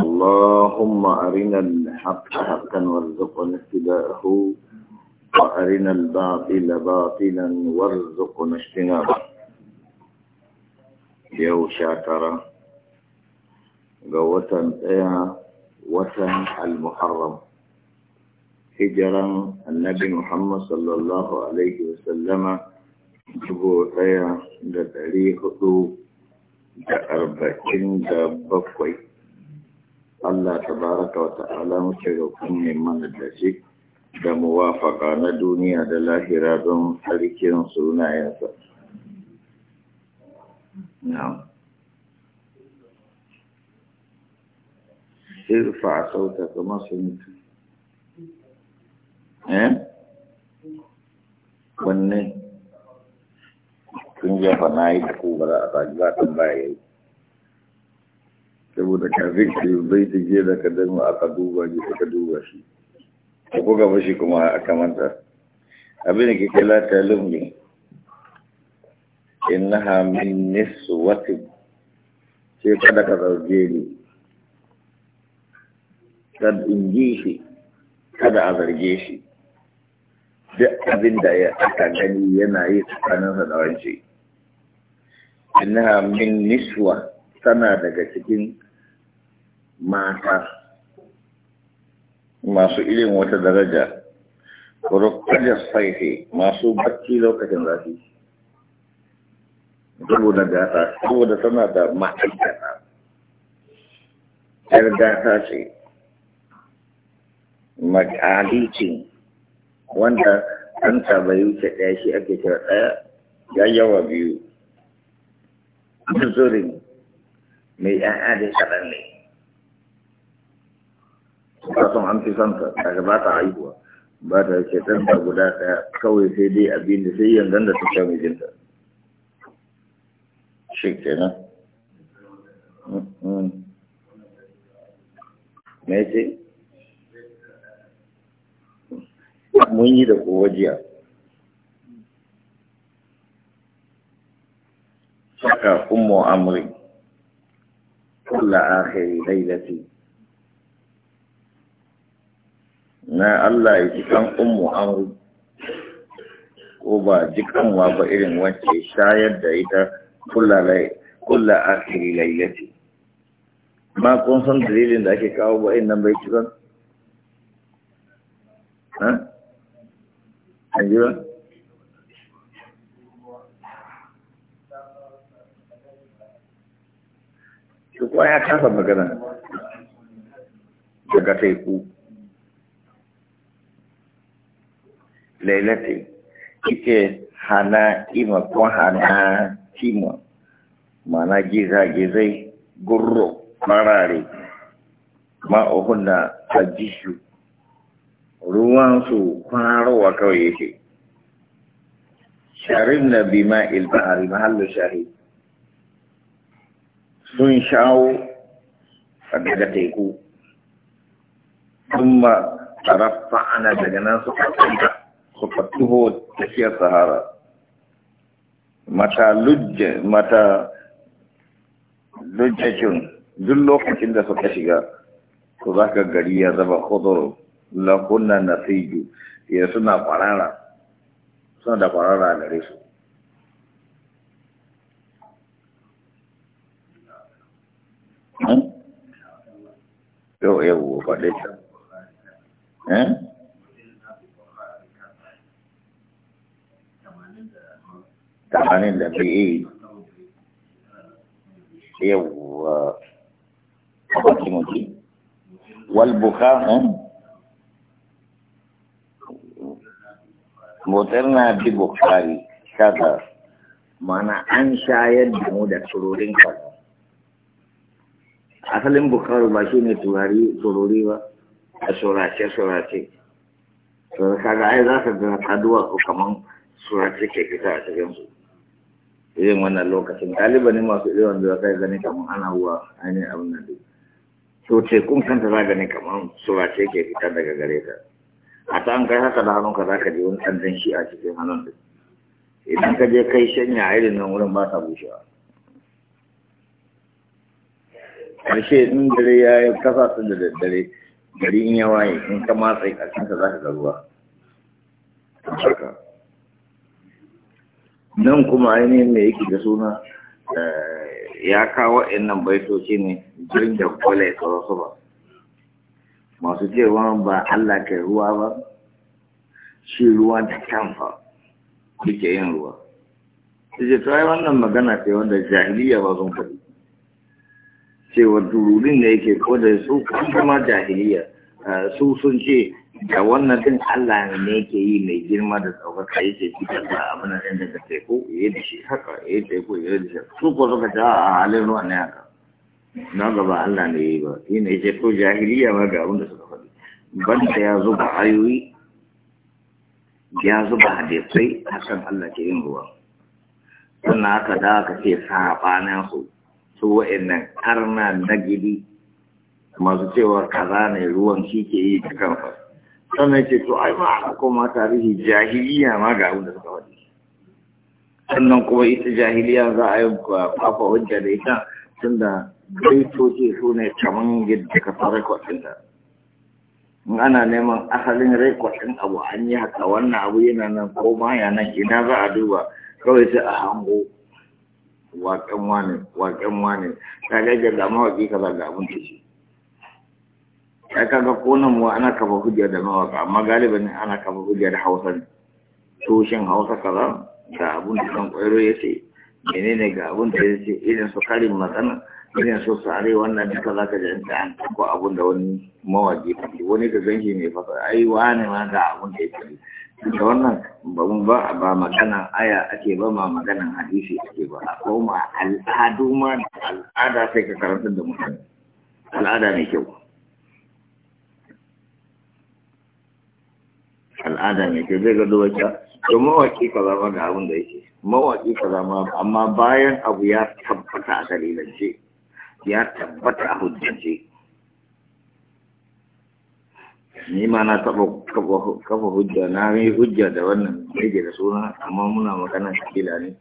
اللهم أرنا الحق حقا وارزقنا اتباعه وأرنا الباطل باطلا وارزقنا اجتنابه يو شاكرا قوة يا وطن المحرم هجرا النبي محمد صلى الله عليه وسلم جبو ايه لتاريخه da arba'in da bakwai Allah tabaraka wa ta'ala muke roƙon ne mana da shi da muwafaka na duniya da lahira don harkin sunayensa. Na'am. Eh? kun jefa na yi da ku ba za saboda kafin ka yi zai ta da ka dama aka duba ne ka duba shi ka buga mashi kuma a kamanta? abin da kike lata na hamin min niswatin ce kada ka zarge ni kada in ji shi kada a zarge shi duk abin da ya aka gani yana yi tsakaninsa da wance na Hamin niswa tana daga cikin mata masu irin wata daraja rukkajar saifi masu bacci lokacin zafi saboda gata saboda tana da ma'aikata yar gata ce makali wanda wanda ɗanta yi wuce ɗaya shi ake kira ɗaya ya yawa biyu zurin mai ɗan da kaɗan ne kasan an fi son ta daga ba ta haihuwa ba ta ce ɗan ta guda ɗaya kawai sai dai abin da sai yanzu da ta sha mijinta shi nan mm-hmm. me ce mun yi da kowa jiya saka ummu amri kulla akhiri lailati na Allah ya kan ummu amru ko ba kanwa ba irin wacce shayar da ita kulla akiri lailati ma kun san dalilin da ake kawo ba in nan bai ci ban ha an ji ba ya kasa magana daga teku lailati ike hana ima ko hana tima mana gizagizai gurro marare ma'uhunna tajishu ruwansu kwanarowa kawai yake sharin na bima ilbahari mahallu shari sun shawo daga teku sun ma ana daga nan suka tsanta suka tuho tafiyar sahara mata lujje mata lujjajin duk lokacin da suka shiga to za ka gari ya zama khudoro lakunna na fiju ya suna kwarara suna da kwarara a gare su hmm? yau yau faɗe ta eh tamanin da biyu yawwa kwanci mutu walbuka eh? motar na bi bukari shaka mana an shayar da mu da turorin kaza asalin bukari ba shi ne turari tsorori ba a surace-surace kaga ai za ka ga kaduwa kaman surace ke fita a cikinsu irin wannan lokacin galiba ne masu irin wanda za ka gani kamar ana huwa ainihin abin nan dai to tekun kanta za gani kamar ce ke fitar daga gare ka a ta an kai haka da hannunka za ka je wani ɗan shi a cikin hannun dai idan ka je kai shanya a irin nan wurin ba ta bushewa ƙarshe in dare ya yi kasa sun da daddare gari in yawa in ka matsa ƙarshen ka za ka ga ruwa haka nan kuma ainihin me yake da suna eh, ya kawo nan baitoci ne jirin da kwale tsoro su ba masu cewa ba Allah kai ruwa ba shi ruwa da kanfa kuke yin ruwa su ce tsaye wannan magana ce wanda jahiliya ba sun faɗi cewa dururin da yake ko da su kuma jahiliya eh, su sun ce da wannan din Allah ne yake yi mai girma da yi yake fitar da abin da ɗin daga teku ya da shi haka ya teku ya da shi su ko suka ta a halin ruwa ne haka na gaba Allah ne yi ba shi ne ce ko jahiliya ma ga abin da suka faɗi banda ya zuba ayoyi ya zuba hadisai hakan Allah ke yin ruwa sannan haka da aka ce saɓanin su su wa'annan na nagidi masu cewa kaza ne ruwan shi ke yi da kamfan. sannan ce to ai ma a koma tarihi jahiliya ma ga abin da suka faɗi sannan kuma ita jahiliya za a yi kwafa hujja da ita tun da baitoci su ne kaman yadda ka fara rekodin da in ana neman asalin rekodin abu an yi haka wannan abu yana nan ko baya nan ina za a duba kawai sai a hango waƙen wane waƙen wane ta da mawaƙi kaza ga abin da shi ya kaga konan mu ana kafa hujja da mawaka amma galibin ana kafa hujja da hausa ne tushen hausa kaza ga abun da kan kwairo ya ce menene ga abun da ya ce irin su karin magana irin su sare wannan duka za ka ta an ko abun da wani mawaki fadi wani ka ganshi mai fasa ai wani ma ga abun da ya fadi da wannan ba mu ba ba magana aya ake ba ma maganan hadisi ake ba a ma al'adu ma al'ada sai ka karanta da mutane al'ada mai kyau adam yake zai ga duwa to mawaki kaza ma ga abin da yake mawaki kaza ma amma bayan abu ya tabbata a dalilance ya tabbata a hujjance ni ma na taɓa kafa hujja na yi hujja da wannan rage da suna amma muna magana kila ne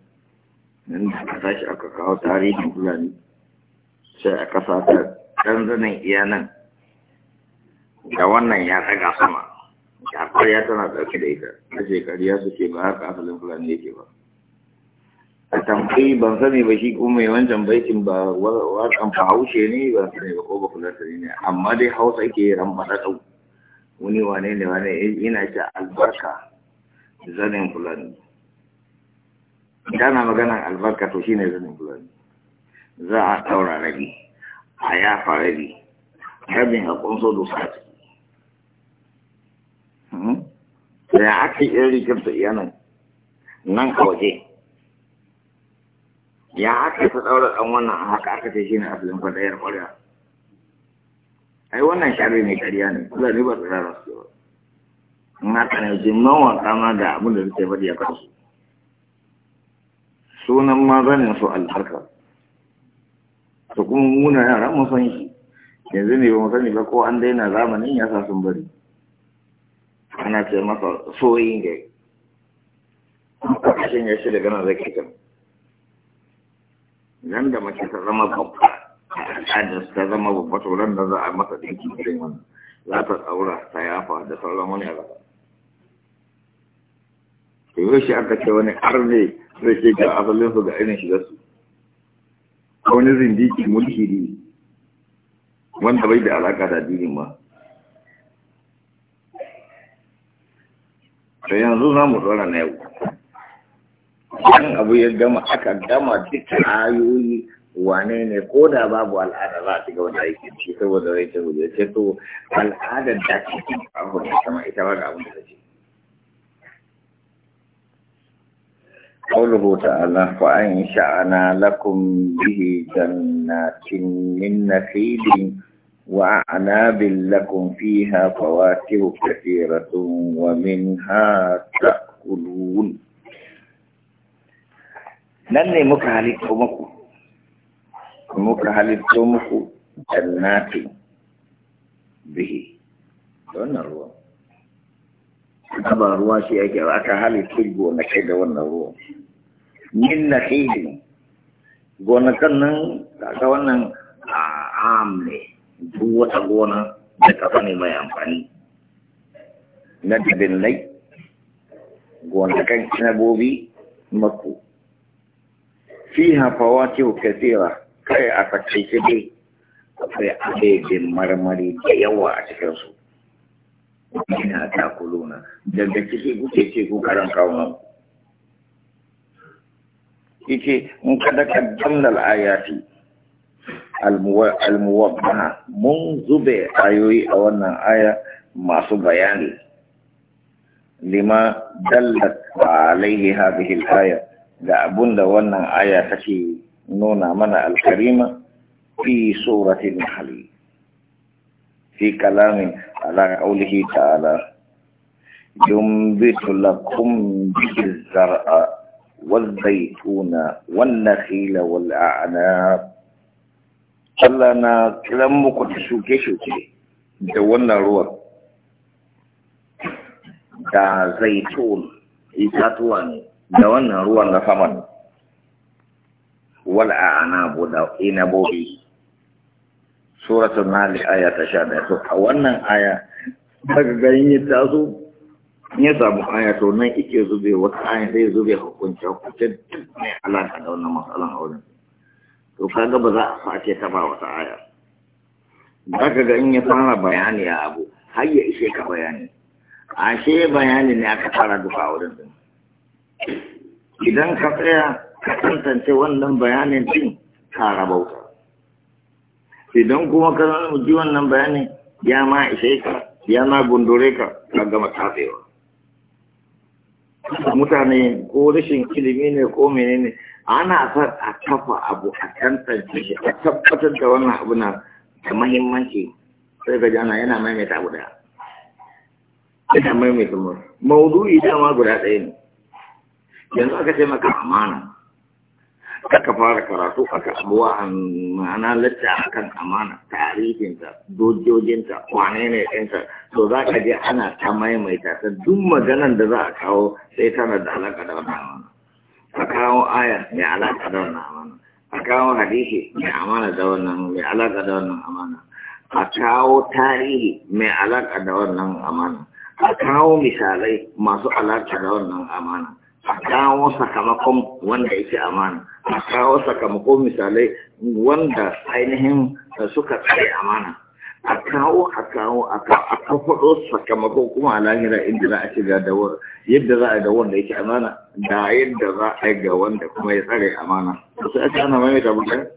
nan da aka tashi aka kawo tarihin fulani sai a kasa ta ɗan iyanan iya nan da wannan ya daga sama ya ƙarya tana ɗauke da ita na shekariya su ce ba haka asalin fulani yake ba a tambayi ban sani ba shi kuma mai wancan baikin ba wakan fahaushe ne ba sani ba ko ba fulata ne amma dai hausa ke rambaɗa ɗau wani wane ne wane ina ce albarka zanen fulani dana maganar albarka to shine zanen fulani za a ɗaura rabi a yafa rabi rabin a ƙunso da sati da aka yi rigar da iyanan nan a waje ya aka ta ɗaura ɗan wannan a haka aka ce shi ne asalin kwaɗayar ƙwarya ai wannan shari ne ƙarya ne kula ne ba tsirara su ba in haka ne jimman wasa ma da abin da suke faɗi a kansu sunan maganin su albarka to kuma muna yara mun san shi yanzu ne ba mu sani ba ko an daina zamanin ya sa sun bari ana ce masa soyin gai kashin ya shi daga zai kitan nan da mace ta zama babba al'adar ta zama babba to nan da za a masa ɗinki irin za ta tsaura ta yafa da sauran wani a gaba shi aka ce wani ne zai ke ga asalinsu ga irin shigarsu wani zindiki mulki ne wanda bai da alaƙa da addinin ma to yanzu za mu zora na yau Yan abu ya gama aka gama duka ayoyi wane ne ko da babu al'ada za a shiga wani aiki shi saboda rai ta gudu ce to al'adar da ke cikin abu da sama ita ba ga abin da ce قوله تعالى فأنشأنا لكم به جنات من نخيل وأعناب لكم فيها فواكه كثيرة ومنها تأكلون nan ne muka halitto muku muka halitto muku jannati bihi wannan ruwan. ruwa ba ruwa shi yake aka halitto gonakai da wannan ruwan. min na gonakan nan kaga wannan am ne duk wata gona da kafa ne mai amfani na dabillai gonakan inabobi maku fiha fawatihu kathira kai a takaice dai akwai abaibin marmari da yawa a cikinsu ina takuluna daga ciki kuke ce ku karan kawo yake in kada ka dalal ayati الموضحة منذ بآيوي أو أن آية masu bayani lima dallat alaihi hadhihi al-aya da abunda wannan aya take nuna mana al-karima fi surati al-nahl fi kalamin ala qawlihi ta'ala yumbitu lakum bihi az-zar'a wal-zaytuna wan-nakhila wal-a'nab Allah na kiran muku da shuke-shuke da wannan ruwan da zai zaitun itatuwa ne da wannan ruwan na saman wal'a ana buɗa inabobi suratun nali aya ta sha da to a wannan aya daga ganin ya taso ya samu aya to nan ike zube wata aya zai zube hukuncin hukuncin duk mai alaƙa da wannan matsalan wurin to kaga ba za a sake taba wata aya za ka ga in ya fara bayani a abu har ya ishe ka bayani ashe bayani ne aka fara duka a wurin din idan ka tsaya ka tantance wannan bayanin din ka rabauta idan kuma ka ji wannan bayanin ya ma ishe ka ya ma gundure ka ka gama tafewa mutane ko rashin ilimi ne ko menene ana son a kafa abu a tantance shi a tabbatar da wannan abu na da mahimmanci sai ga jana yana maimaita abu daya yana maimaita mu maudu'i dama guda ɗaya ne yanzu aka ce maka amana kaka fara karatu a kasuwa a ma'ana lacca a kan amana tarihinta dojojinta kwane ne ɗinta to za ka je ana ta maimaita ta duk maganan da za a kawo sai tana da alaƙa da wannan amana a kawo aya mai alaƙa da wannan amana a kawo hadisi mai amana da wannan mai alaƙa da wannan amana a kawo tarihi mai alaƙa da wannan amana a kawo misalai masu alaƙa da wannan amana a kawo sakamakon wanda yake amana a kawo sakamakon misalai wanda ainihin suka tsare amana a kawo a kawo a kafaɗo sakamakon kuma a lahira inda za a ga da yadda za a ga wanda yake amana da yadda za a ga wanda kuma ya tsare amana sai aka ana mai da bukai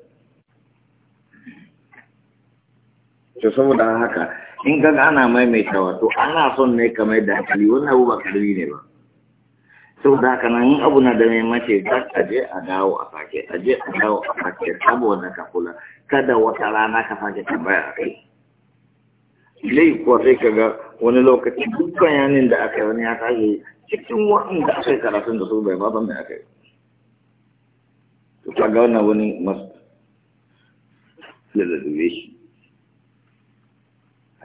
to saboda haka in gaga ana maimaita wato, ana son ne kamar da hankali wannan abu ba karbi ne ba saboda haka nan yin abu na da mace za aje je a dawo a sake a je a dawo a sake saboda ka kula kada wata rana ka sake tambaya a kai ilai kuwa sai ka ga wani lokaci duk bayanin da aka yi wani ya tashi cikin da aka yi karatun da su bai ba da aka yi to ka ga wannan wani masu lalazube shi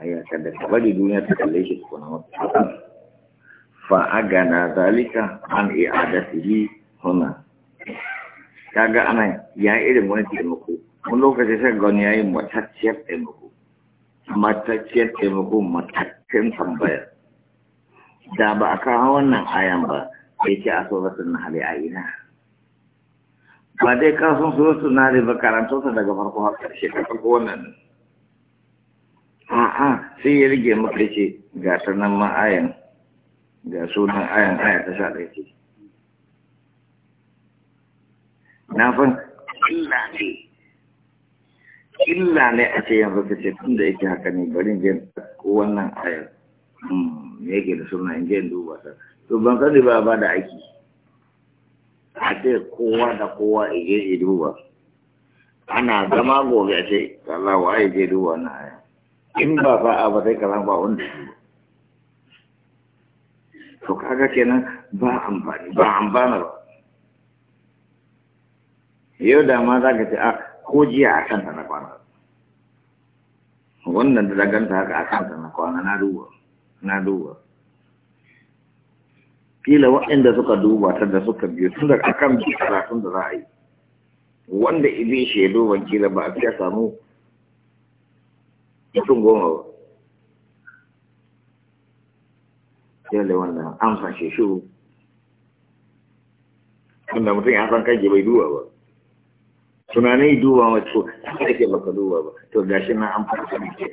a yi da ka bari duniya ta kalle shi su kuna masu فأغنى ذلك عن إعادته هنا kaga ana ya irin wani taimako wani lokaci sai gani ya yi matacciyar taimako matacciyar taimako mataccen tambaya da ba a kawo wannan ayan ba sai ce a na hali a ina ba dai ka san suratul nahl ba karanto ta daga farko har karshe ka farko wannan a'a sai ya rige maka ce ga ta nan ma ayan da sunan ayan aya ta sha ɗaya ce na san illa ne illa ne a ce yanzu ta ce tun da yake haka ne bari jin wannan ayar hmm, me yake da suna in jin duba ta to ban sani ba ba da aiki a ce kowa da kowa ije ya duba ana zama gobe a ce kallawa ya je duba na aya in ba fa'a ba sai kalan ba wanda duba to kaga kenan ba amfani ba amfana ba yau da ma za ka ce a ah, ko jiya a kanta na kwana wannan da daganta haka a kanta na kwana na duba na duba kila waɗanda suka duba ta da suka biyu tun da akan biyu karatun da za a yi wanda ibi shi ya duba kila ba a fiye samu mutum goma ba yale wannan an fashe shuru wanda mutum ya san kanki bai duba ba tunanin duba wa to kake baka duba ba to gashi na an fara ne ke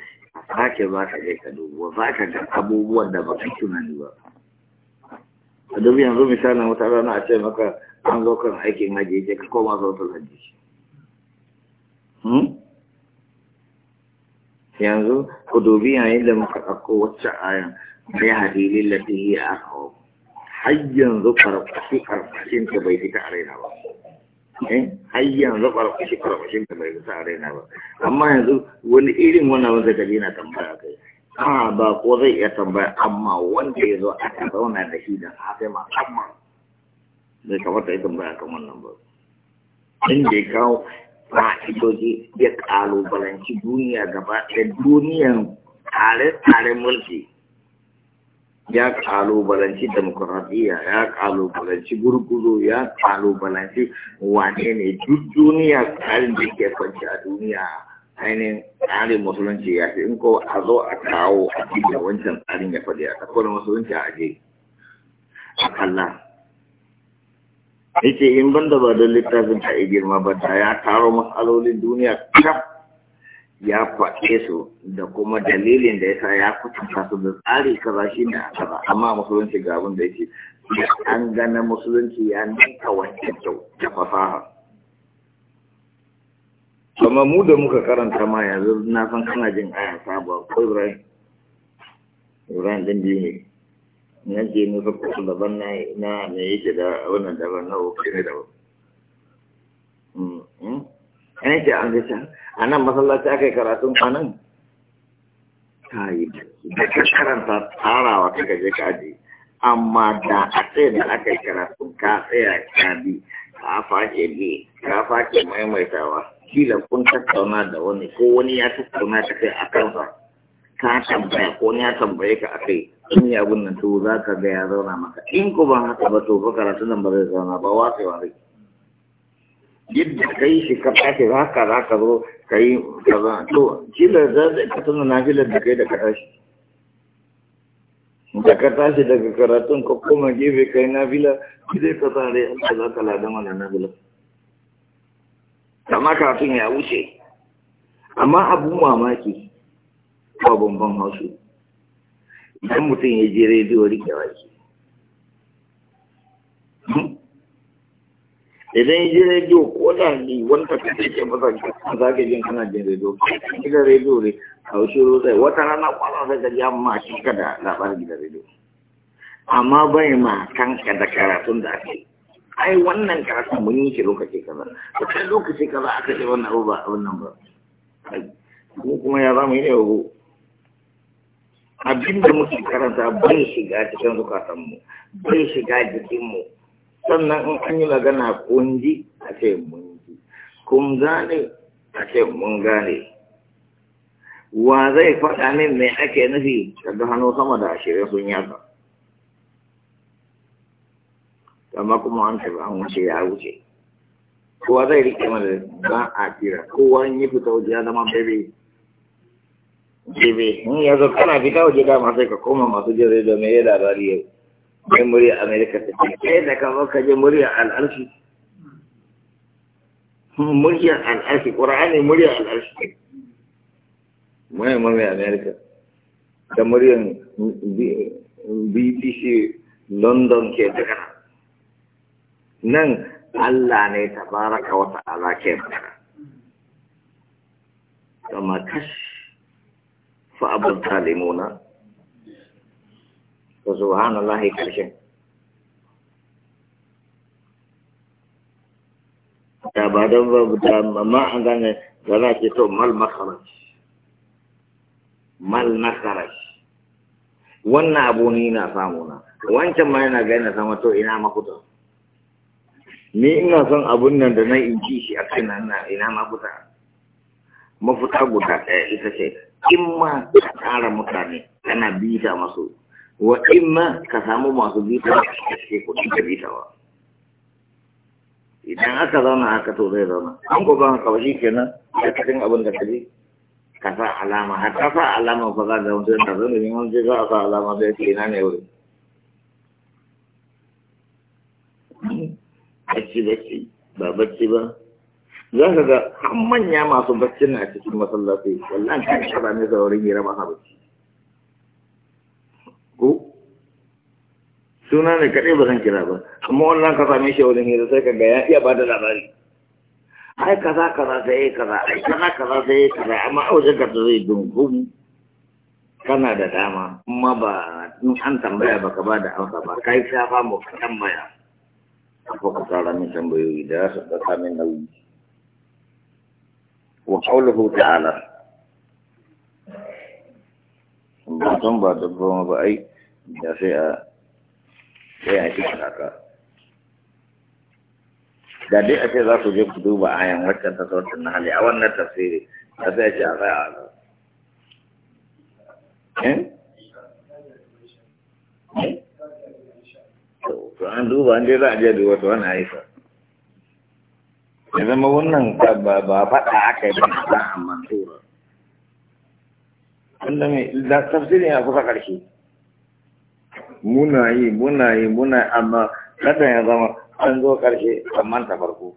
sake ba ka je ka duba ba ka ga abubuwan da baka tunani ba a dubi yanzu misalin wata rana a ce maka an zo kan aikin haji ce ka koma zo ta haji hmm? yanzu ku dubi yayin da muka ɗauko wacce ayan sai hadilin lafi yi a hau hayyan zufar kashi karfashin ta bai fita a raina ba hayyan zufar kashi karfashin ta bai fita a raina ba amma yanzu wani irin wani wanda gari na tambaya kai a ba ko zai iya tambaya amma wanda ya zo a zauna da shi don hafe ma amma zai ta yi tambaya kan wannan ba inda ya kawo fa'idoji ya kalubalanci duniya gaba ɗaya duniyan tare-tare mulki ya kalubalanci demokuraɗiyya ya kalubalanci gurguzo ya kalubalanci wane ne duk duniya tsarin da ke kwanci a duniya ainihin tsarin musulunci ya fi in a zo a kawo a cikin wancan tsarin ya faɗi a kakwarin musulunci a aje a kalla ce in banda ba don littafin ta girma ba ta ya taro matsalolin duniya kaf ya faɗe su da kuma dalilin da yasa ya kutunta su da tsari kaza shi ne a ba amma musulunci ga abin da yake an gana musulunci ya ninka wancan kyau ta fasaha kuma mu da muka karanta ma yanzu na san kana jin aya sabuwa. ko Ibrahim Ibrahim din biyu ne na je ne fa daban na me yake da wannan daban na ko ne daban yan ce an ji can a nan masallaci aka yi karatun kwanan ta yi da ka karanta tsarawa ta gaje ka aji amma da a ce da aka yi karatun ka tsaya ka bi ka fake bi ka fake maimaitawa kila kun tattauna da wani ko wani ya tattauna ta kai a kansa ka tambaya ko wani ya tambaye ka a kai in yi abin nan to za ka ga ya zauna maka in ko ba haka ba to fa karatun nan ba zai zauna ba wa watsewa zai yadda kai shi ka fashe za ka za ka zo ka yi kaza to kila za zai ka tuna na fila da kai da ka tashi da ka tashi daga karatun ka koma gefe kai na fila zai ka tsare an ka za ka lada mana na fila amma kafin ya wuce amma abun mamaki ba bambam hausu idan mutum ya je rediyo rike ke idan ji rediyo ko da ni wanda kake ke masa za ka jin kana jin rediyo gidan rediyo ne a wasu rotsai wata rana kwana sai ka ji amma shi ka da labarin gidan rediyo amma bai ma kanka da karatun da ake ai wannan karatu mun yi shi lokaci kaza to kai lokaci kaza aka ce wannan abu ba wannan ba ko kuma ya zama yi ne abin da muke karanta bai shiga cikin zukatanmu bai shiga jikinmu sannan in an yi magana kun ji a ce mun ji kun gane a ce mun gane wa zai faɗa min mai ake nufi daga hannu sama da ashirin sun yaba amma kuma an taɓa an wuce ya wuce kowa zai riƙe mana ba a kira kowa in yi fita waje ya zama bebe bebe in ya zo kana fita waje dama sai ka koma masu jere domin ya labari yau mai murya amerika ta ce kai da kama ka je murya al'arshi murya al'arshi ƙura'ani murya al'arshi mai mamaye amerika da muryan bbc london ke daga nan allah ne ta baraka wata ala ke daga kama kash abin talimuna to subhanallah karshen da ba don ba da mamma an gane da za ce to mal makaraj mal makaraj wannan abu ni na samu na wancan ma yana gane sama to ina makuta ni ina son abun nan da na in ji shi a kai na ina makuta mafuta guda ɗaya ita ce in ma ka tsara mutane kana bita masu wa imma ka samu masu bita da suke kuɗi da bitawa idan aka zauna aka to zai zauna an ko ban ka shi kenan da cikin abin da kaje ka sa alama har ka sa alama ba za da wanda da zai ne wanda za a sa alama zai ce ina ne wurin bacci bacci ba bacci ba za ka ga har manya masu bacci a cikin masallaci wallahi kan shara ne da wurin yi rama ba bacci suna ne kaɗai ba zan kira ba amma wannan ka same shi wurin hira sai ka ga ya iya ba da labari ai kaza kaza sai kaza ai kaza kaza sai kaza amma a wajen ka zai dungun kana da dama amma ba in an tambaya ba ka ba da amsa ba kai shafa mu tambaya ko ka tsara min tambayoyi da su da kamin nauyi wa qawluhu ta'ala ba don ba da ba ai da sai a sai a shi haka da dai a ce za su je ku duba ayan waccan ta sautin na hali a wannan tafsiri da sai a ce a tsaya a zau eh? eh? to an duba an dai za a je duba to wani haifa ya zama wannan ba faɗa aka yi ba za a mantura wanda mai tafsirin ya kusa ƙarshe muna yi muna yi muna amma kada ya zama an zo ƙarshe amma ta farko